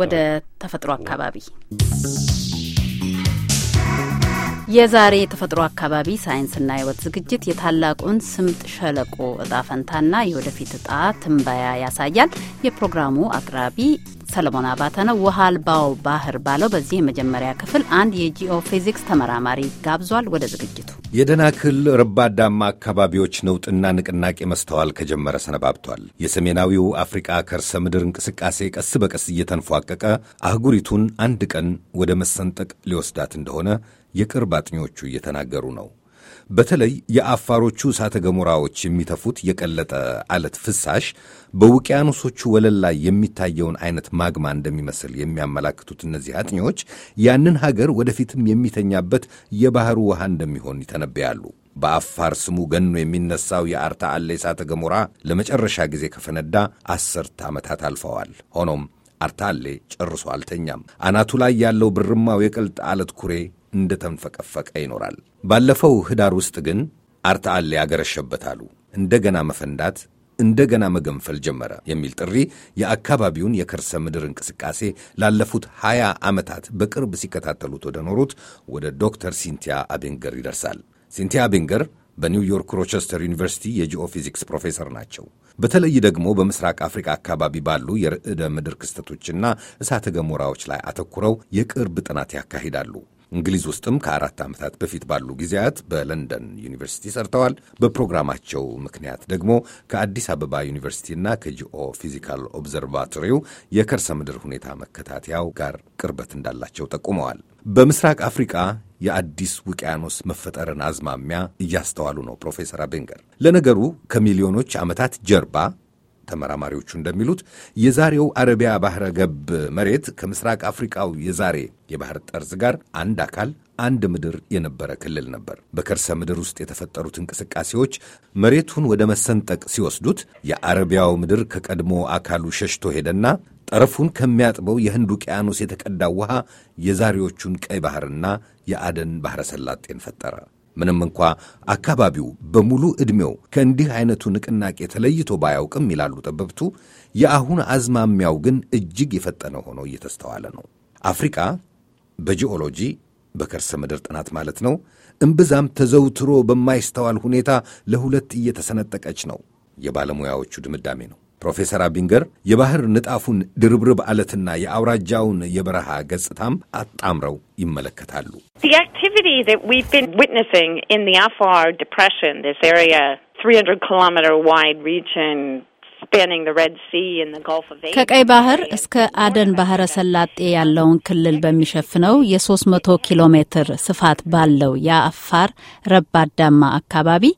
ወደ ተፈጥሮ አካባቢ የዛሬ የተፈጥሮ አካባቢ ሳይንስና ህይወት ዝግጅት የታላቁን ስምጥ ሸለቆ እጣ ፈንታና የወደፊት እጣ ትንበያ ያሳያል። የፕሮግራሙ አቅራቢ ሰለሞን አባተ ነው። ውሃ አልባው ባህር ባለው በዚህ የመጀመሪያ ክፍል አንድ የጂኦ ፊዚክስ ተመራማሪ ጋብዟል። ወደ ዝግጅቱ የደናክል ረባዳማ አካባቢዎች ነውጥና ንቅናቄ መስተዋል ከጀመረ ሰነባብቷል። የሰሜናዊው አፍሪቃ ከርሰ ምድር እንቅስቃሴ ቀስ በቀስ እየተንፏቀቀ አህጉሪቱን አንድ ቀን ወደ መሰንጠቅ ሊወስዳት እንደሆነ የቅርብ አጥኚዎቹ እየተናገሩ ነው። በተለይ የአፋሮቹ እሳተ ገሞራዎች የሚተፉት የቀለጠ አለት ፍሳሽ በውቅያኖሶቹ ወለል ላይ የሚታየውን አይነት ማግማ እንደሚመስል የሚያመላክቱት እነዚህ አጥኚዎች ያንን ሀገር ወደፊትም የሚተኛበት የባህሩ ውሃ እንደሚሆን ይተነብያሉ። በአፋር ስሙ ገኖ የሚነሳው የአርታ አለ እሳተ ገሞራ ለመጨረሻ ጊዜ ከፈነዳ አስርት ዓመታት አልፈዋል። ሆኖም አርታሌ ጨርሶ አልተኛም። አናቱ ላይ ያለው ብርማው የቅልጥ አለት ኩሬ እንደተንፈቀፈቀ ይኖራል። ባለፈው ህዳር ውስጥ ግን አርተአሌ ያገረሸበታሉ። እንደገና መፈንዳት እንደገና መገንፈል ጀመረ የሚል ጥሪ የአካባቢውን የከርሰ ምድር እንቅስቃሴ ላለፉት 20 ዓመታት በቅርብ ሲከታተሉት ወደ ኖሩት ወደ ዶክተር ሲንቲያ አቤንገር ይደርሳል። ሲንቲያ አቤንገር በኒውዮርክ ሮቸስተር ዩኒቨርሲቲ የጂኦፊዚክስ ፕሮፌሰር ናቸው። በተለይ ደግሞ በምስራቅ አፍሪካ አካባቢ ባሉ የርዕደ ምድር ክስተቶችና እሳተ ገሞራዎች ላይ አተኩረው የቅርብ ጥናት ያካሂዳሉ። እንግሊዝ ውስጥም ከአራት ዓመታት በፊት ባሉ ጊዜያት በለንደን ዩኒቨርሲቲ ሰርተዋል። በፕሮግራማቸው ምክንያት ደግሞ ከአዲስ አበባ ዩኒቨርሲቲና ከጂኦ ፊዚካል ኦብዘርቫቶሪው የከርሰ ምድር ሁኔታ መከታተያው ጋር ቅርበት እንዳላቸው ጠቁመዋል። በምስራቅ አፍሪቃ የአዲስ ውቅያኖስ መፈጠርን አዝማሚያ እያስተዋሉ ነው ፕሮፌሰር አቤንገር። ለነገሩ ከሚሊዮኖች ዓመታት ጀርባ ተመራማሪዎቹ እንደሚሉት የዛሬው አረቢያ ባህረ ገብ መሬት ከምስራቅ አፍሪካው የዛሬ የባህር ጠርዝ ጋር አንድ አካል አንድ ምድር የነበረ ክልል ነበር። በከርሰ ምድር ውስጥ የተፈጠሩት እንቅስቃሴዎች መሬቱን ወደ መሰንጠቅ ሲወስዱት የአረቢያው ምድር ከቀድሞ አካሉ ሸሽቶ ሄደና ጠረፉን ከሚያጥበው የህንድ ውቅያኖስ የተቀዳው ውሃ የዛሬዎቹን ቀይ ባህርና የአደን ባህረ ሰላጤን ፈጠረ። ምንም እንኳ አካባቢው በሙሉ ዕድሜው ከእንዲህ አይነቱ ንቅናቄ ተለይቶ ባያውቅም ይላሉ ጠበብቱ፣ የአሁን አዝማሚያው ግን እጅግ የፈጠነ ሆኖ እየተስተዋለ ነው። አፍሪቃ በጂኦሎጂ በከርሰ ምድር ጥናት ማለት ነው እምብዛም ተዘውትሮ በማይስተዋል ሁኔታ ለሁለት እየተሰነጠቀች ነው። የባለሙያዎቹ ድምዳሜ ነው። ፕሮፌሰር አቢንገር የባህር ንጣፉን ድርብርብ አለትና የአውራጃውን የበረሃ ገጽታም አጣምረው ይመለከታሉ። ከቀይ ባህር እስከ አደን ባህረ ሰላጤ ያለውን ክልል በሚሸፍነው የ300 ኪሎ ሜትር ስፋት ባለው የአፋር ረባዳማ አካባቢ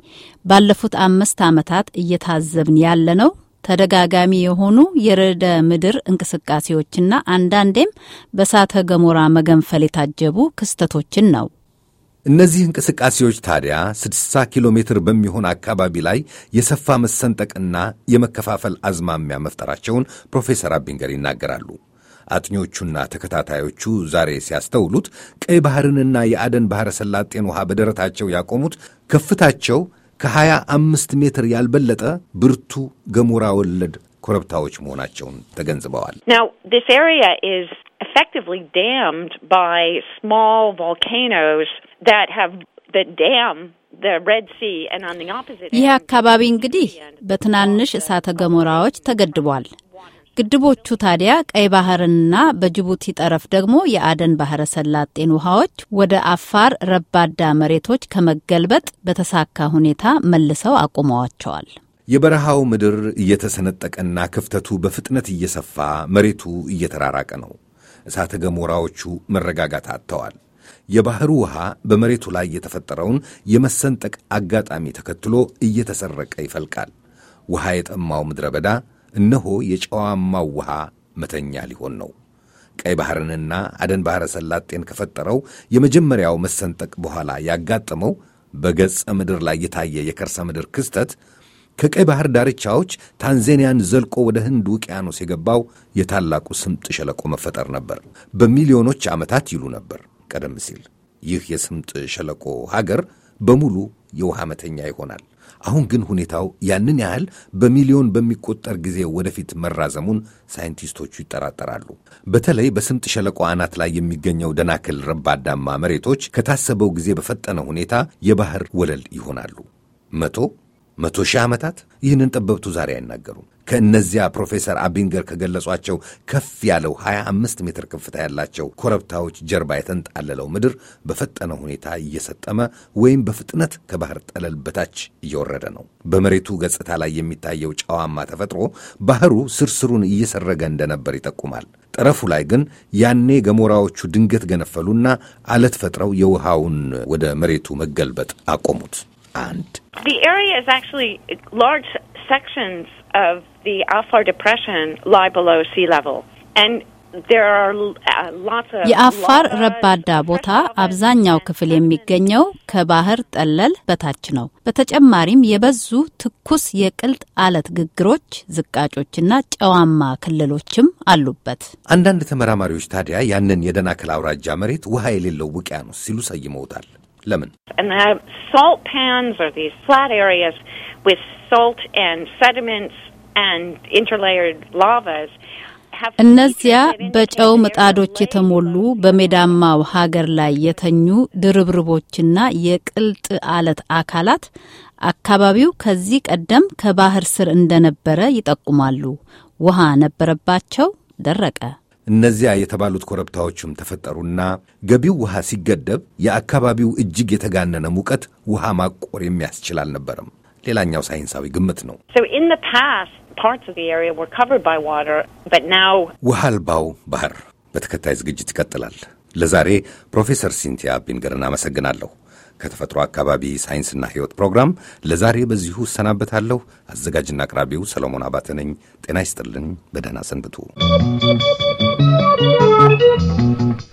ባለፉት አምስት ዓመታት እየታዘብን ያለነው ተደጋጋሚ የሆኑ የርዕደ ምድር እንቅስቃሴዎችና አንዳንዴም በእሳተ ገሞራ መገንፈል የታጀቡ ክስተቶችን ነው። እነዚህ እንቅስቃሴዎች ታዲያ 60 ኪሎ ሜትር በሚሆን አካባቢ ላይ የሰፋ መሰንጠቅና የመከፋፈል አዝማሚያ መፍጠራቸውን ፕሮፌሰር አቢንገር ይናገራሉ። አጥኞቹና ተከታታዮቹ ዛሬ ሲያስተውሉት ቀይ ባህርንና የአደን ባሕረ ሰላጤን ውሃ በደረታቸው ያቆሙት ከፍታቸው ከ25 ሜትር ያልበለጠ ብርቱ ገሞራ ወለድ ኮረብታዎች መሆናቸውን ተገንዝበዋል። ይህ አካባቢ እንግዲህ በትናንሽ እሳተ ገሞራዎች ተገድቧል። ግድቦቹ ታዲያ ቀይ ባህርንና በጅቡቲ ጠረፍ ደግሞ የአደን ባህረ ሰላጤን ውሃዎች ወደ አፋር ረባዳ መሬቶች ከመገልበጥ በተሳካ ሁኔታ መልሰው አቁመዋቸዋል። የበረሃው ምድር እየተሰነጠቀና ክፍተቱ በፍጥነት እየሰፋ መሬቱ እየተራራቀ ነው። እሳተ ገሞራዎቹ መረጋጋት አጥተዋል። የባህሩ ውሃ በመሬቱ ላይ የተፈጠረውን የመሰንጠቅ አጋጣሚ ተከትሎ እየተሰረቀ ይፈልቃል። ውሃ የጠማው ምድረ በዳ እነሆ የጨዋማው ውሃ መተኛ ሊሆን ነው። ቀይ ባሕርንና አደን ባሕረ ሰላጤን ከፈጠረው የመጀመሪያው መሰንጠቅ በኋላ ያጋጠመው በገጸ ምድር ላይ የታየ የከርሰ ምድር ክስተት ከቀይ ባሕር ዳርቻዎች ታንዛኒያን ዘልቆ ወደ ህንድ ውቅያኖስ የገባው የታላቁ ስምጥ ሸለቆ መፈጠር ነበር። በሚሊዮኖች ዓመታት ይሉ ነበር ቀደም ሲል። ይህ የስምጥ ሸለቆ ሀገር በሙሉ የውሃ መተኛ ይሆናል። አሁን ግን ሁኔታው ያንን ያህል በሚሊዮን በሚቆጠር ጊዜ ወደፊት መራዘሙን ሳይንቲስቶቹ ይጠራጠራሉ። በተለይ በስምጥ ሸለቆ አናት ላይ የሚገኘው ደናክል ረባዳማ መሬቶች ከታሰበው ጊዜ በፈጠነ ሁኔታ የባህር ወለል ይሆናሉ። መቶ መቶ ሺህ ዓመታት ይህንን ጠበብቱ ዛሬ አይናገሩም። ከእነዚያ ፕሮፌሰር አቢንገር ከገለጿቸው ከፍ ያለው 25 ሜትር ከፍታ ያላቸው ኮረብታዎች ጀርባ የተንጣለለው ምድር በፈጠነ ሁኔታ እየሰጠመ ወይም በፍጥነት ከባህር ጠለል በታች እየወረደ ነው። በመሬቱ ገጽታ ላይ የሚታየው ጨዋማ ተፈጥሮ ባህሩ ስርስሩን እየሰረገ እንደነበር ይጠቁማል። ጠረፉ ላይ ግን ያኔ ገሞራዎቹ ድንገት ገነፈሉና አለት ፈጥረው የውሃውን ወደ መሬቱ መገልበጥ አቆሙት። pond. The area is actually large sections of the Afar depression lie below sea level and uh, የአፋር ረባዳ ቦታ አብዛኛው ክፍል የሚገኘው ከባህር ጠለል በታች ነው። በተጨማሪም የበዙ ትኩስ የቅልጥ አለት ግግሮች፣ ዝቃጮችና ጨዋማ ክልሎችም አሉበት። አንዳንድ ተመራማሪዎች ታዲያ ያንን የደናክል አውራጃ መሬት ውሃ የሌለው ውቅያኖስ ሲሉ ሰይመውታል። ለምን? እነዚያ በጨው ምጣዶች የተሞሉ በሜዳማው ሀገር ላይ የተኙ ድርብርቦችና የቅልጥ አለት አካላት አካባቢው ከዚህ ቀደም ከባህር ስር እንደነበረ ይጠቁማሉ። ውሃ ነበረባቸው፣ ደረቀ። እነዚያ የተባሉት ኮረብታዎችም ተፈጠሩና ገቢው ውሃ ሲገደብ የአካባቢው እጅግ የተጋነነ ሙቀት ውሃ ማቆር የሚያስችል አልነበረም። ሌላኛው ሳይንሳዊ ግምት ነው። ውሃ አልባው ባህር በተከታይ ዝግጅት ይቀጥላል። ለዛሬ ፕሮፌሰር ሲንቲያ ቢንገርን አመሰግናለሁ። ከተፈጥሮ አካባቢ ሳይንስና ሕይወት ፕሮግራም ለዛሬ በዚሁ እሰናበታለሁ። አዘጋጅና አቅራቢው ሰለሞን አባተ ነኝ። ጤና ይስጥልኝ። በደህና ሰንብቱ።